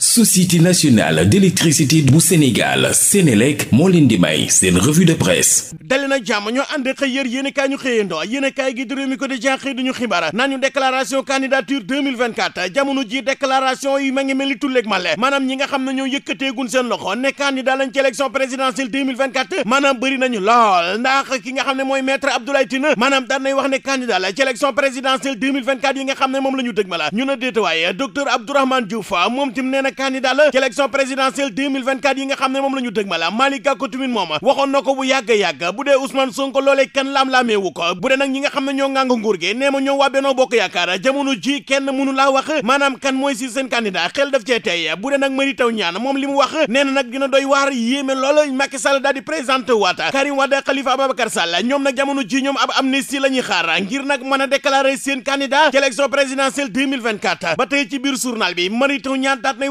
société nationale d'électricité bu Sénégal Sénélec moo leen di may seen revue de presse dali jàmm ñoo ànd xëy yër yéen kaay ñu xëyandoo yéen i kaay gi di Rewmi Quotidien xëy duñu xibaar naan ñu déclaration candidature 2024 jamono ji déclaration yi ma ngi mel ni tulleeg male maanaam ñi nga xam ne ñoo yëkkateegun seen loxo ne candidat lañ ci élection présidentielle 2024 maanaam nañu lool ndax ki nga xam ne mooy maître Abdoulaye Tine maanaam daan nay wax a candidat la ci élection présidentielle 2024 yi nga xam ne moom la ñu dëgmal Malick Gakou tamit moom waxoon na ko bu yàgg yàgg bu dee Ousmane Sonko loolee kenn laam-laameewu ko bu nag ñi nga xam ne ñoo ngàng nguur gi nee ma ñoom waa Benno Bokk Yaakaar jamono ji kenn mënu laa wax maanaam kan mooy si seen candidat xel daf cee tey bu nag Mary Teuw Niane moom li mu wax nee na nag dina doy waar yéeme lool Macky Sall daal di présenté waata Karim Wade la ñuy xaar ngir nag mën a déclarer seen candidat ci élection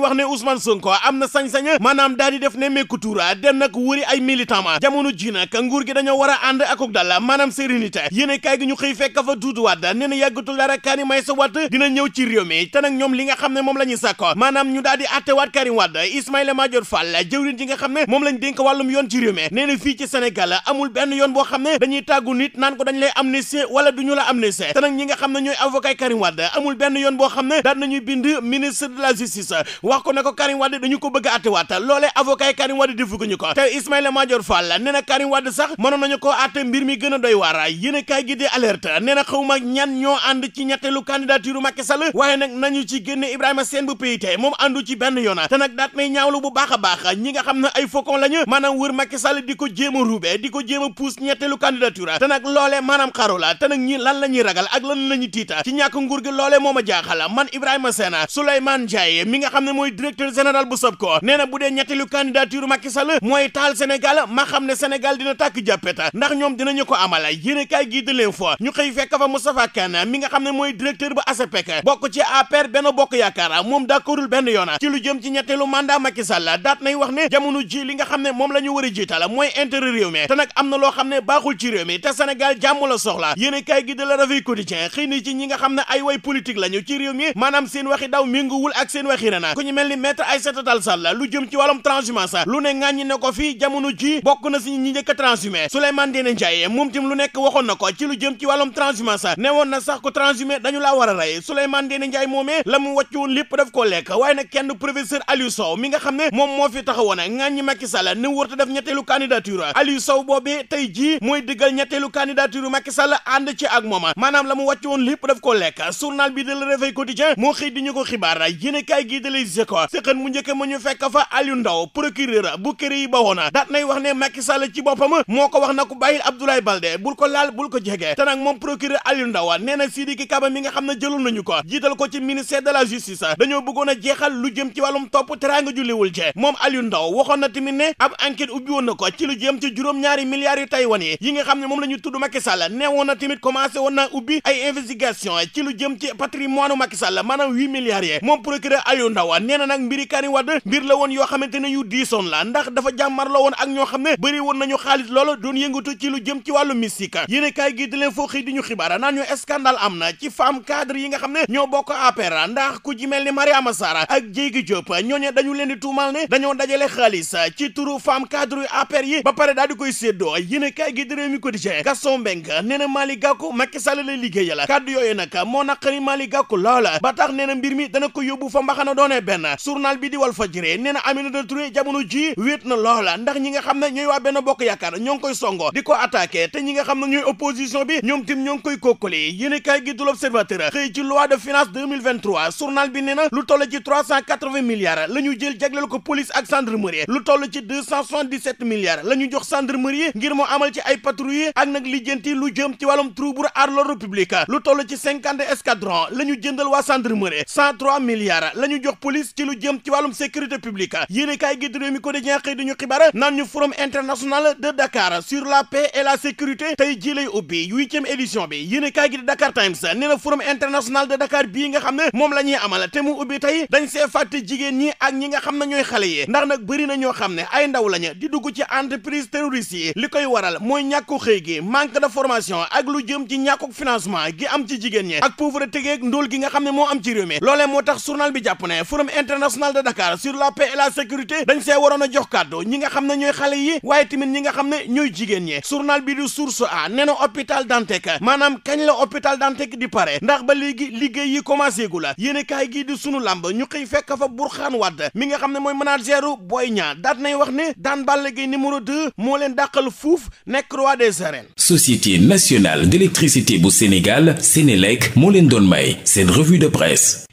wax ne Ousmane Sonko am na sañ-sañ maanaam daal def ne meeku tuura dem nag wuri ay militant ma jamono ji nag nguur gi dañoo war a ànd akuk dal maanaam sérénité yéene kaay gi ñu xëy fekk fa duudu waat nee na yàggatul dara Kaani Maysa Wade dina ñëw ci réew te nag ñoom li nga xam ne moom la sa sàkko maanaam ñu daal di attewaat Karim Wade Ismaïla Madior Fall jëwriñ ji nga xam ne moom lañ dénk wàllum yoon ci réew mi nee na fii ci Sénégal ne dañuy tàggu yoon boo xam ne daan nañuy bind ministre wax ko ne ko Karim dañu ko bëgg a attewaat loolee avocat yi Karim Wade defu ko te Ismaïla Madior Fall nee na Karim Wade sax mënoon nañu koo atte mbir mi gën a doy waar yéen kaay gi di alerte nee na xaw ma ñan ñoo ànd ci ñetteelu candidature Macky Sall waaye nag nañu ci génne Ibrahima seen bu PIT moom àndu ci benn yoon te nag daat may ñaawlu bu baax a baax ñi nga xam ne ay faucon lañu maanaam wër Macky Sall di ko jéema a ruube di ko jéem a ñetteelu candidature te nag loolee maanaam xaru ñi lan la ñuy ragal ak lan la ñuy tiita ci ñàkk nguur gi loolee moo ma jaaxal man Ibrahima Sène Souleymane Ndiaye mi nga xam ne mooy mooy directeur général bu SOPCO nee na bu dee ñetteelu candidature Macky Sall mooy taal Sénégal ma xam ne Sénégal dina tàkk jàppeta ndax ñoom dinañu ko amala yéen kaay gii leen fa ñu xëy fekk fa Moustapha Kane mi nga xam ne mooy directeur bu ASEPEC bokk ci APR benn bokk yaakaar moom d'accordul benn yoon ci lu jëm ci ñetteelu mandat Macky Sall daat nay wax ne jamono ji li nga xam ne moom la ñu jiital mooy intérêt réew mi te nag am na loo xam ne ñu mel ni maître Aïssata Tall Sall lu jëm ci wàllum transhumance lu ne ŋàññi ne ko fii jamono ji bokk na si ñi njëkk a transhumé Souleymane Ndéné moom tim lu nekk waxoon na ko ci lu jëm ci wàllum transhumance ne woon na sax ko transhumé dañu laa war a rey Souleymane Ndéné Ndiaye moomee la mu wàcc woon lépp daf ko lekk waaye nag kenn professeur Aliou Sow mi nga xam ne moom moo fi taxawoon ŋàññi Macky Sall ne wërta def ñetteelu candidature Aliou Sow boobee tey jii mooy diggal ñetteelu candidature Macky Sall ànd ci ak moom maanaam la mu wàcc lépp daf koo lekk journal bi de Le Réveil Quotidien moo xëy di ñu ko kaay gii si ko mu njëkke mu ñu fekk fa Aliou Ndao procureur bu kër yi ba woona daat nay wax ne Macky Sall ci boppam moo ko wax na ko bàyyil Abdoulaye Balde bul ko laal bul ko jege te moom procureur Aliou Ndao nee na Sidiki Kaba mi nga xam ne jëloon nañu ko jiital ko ci ministère de la justice dañoo bëggoon a jeexal lu jëm ci wàllum topp teraanga julliwul ci moom Aliou Ndao na tamit ne ab enquête ubbi woon na ko ci lu jëm ci juróom-ñaari milliards yu Taïwan yi yi nga xam ne moom la ñu tudd Macky Sall nee woon na tamit commencé woon na ubbi ay investigation ci lu jëm ci patrimoine Macky Sall maanaam huit milliards yi moom procureur Aliou Ndao nee na nag mbiri Karim Wade mbir la woon yoo xamante ne yu diisoon la ndax dafa jàmmar la woon ak ñoo xam ne bëri woon nañu xaalis loola doon yëngatu ci lu jëm ci wàllu mystique yéene kaay gi di leen foo di ñu xibaara naan ñu scandale am na ci femme cadre yi nga xam ne ñoo bokk APR ndax ku ji mel ni Mariama Sarr ak Diégui Diop ñooñe dañu leen di tuumal dañoo dajale xaalis ci turu femme cadre yu yi ba pare daal di koy séddoo yéene kaay gi di Rewmi Quotidien Gaston Mbengue nee na Malick Gakou Macky Sall lay liggéeyal kàddu yooyu nag moo naqari Malick Gakou loola ba tax nee na mbir mi dana ko yóbbu fa mbaxana doone benn na journal bi di wal Fadjri nee na Aminata Touré jamono ji wéet na loola ndax ñi nga xam ne ñooy waa benn bokk yaakaar ñoo ngi koy songo di ko attaqué te ñi nga xam ne ñooy opposition bi ñoom tim ñoo ngi koy kokkali yéene kaay gi du l'Observateur xëy ci loi de finance 2023 journal bi nee na lu toll ci 380 milliards la ñu jël jagleel ko police ak gendarmerie lu toll ci 277 milliards la ñu jox gendarmerie ngir moo amal ci ay patrouille ak nag lijjanti lu jëm ci la ñu jox police ci lu jëm ci wàllum sécurité publique yéenekaay gi di Rewmi Quotidien xëy dañu xibaar naan ñu forum international de Dakar sur la paix et la sécurité tey ji lay ubbi huitième édition bi yéenekaay gi di Dakar Times nee na forum international de Dakar bii nga xam ne moom la amal te mu ubbi tey dañ see fàtte jigéen ñi ak ñi nga xam na ñooy xale yi ndax nag bëri na ñoo xam ne ay ndaw lañu di dugg ci entreprise terroriste yi li koy waral mooy ñàkku xëy gi manque de formation ak lu jëm ci ñàkkuk financement gi am ci jigéen ñi ak pauvreté ak ndóol gi nga xam ne moo am ci réew mi moo tax journal bi jàpp ne forum international de Dakar sur la paix et la sécurité dañ see waroon a jox kàddu ñi nga xam ne ñooy xale yi waaye tamit ñi nga xam ne ñooy jigéen ñee journal bi du source a nen opital hôpital maanaam kañ la hôpital Dantec di pare ndax ba léegi liggéey yi commencé gu la yéen kaay gii di sunu làmb ñu xëy fekk fa Burxaan Wàdd mi nga xam ne mooy manageru booy Niang daat nay wax ne daan Balla Gaye numéro 2 moo leen dàqal fuuf nekk roi des arènes Société nationale d'électricité bu Sénégal Sénélec moo leen doon may seen revue de presse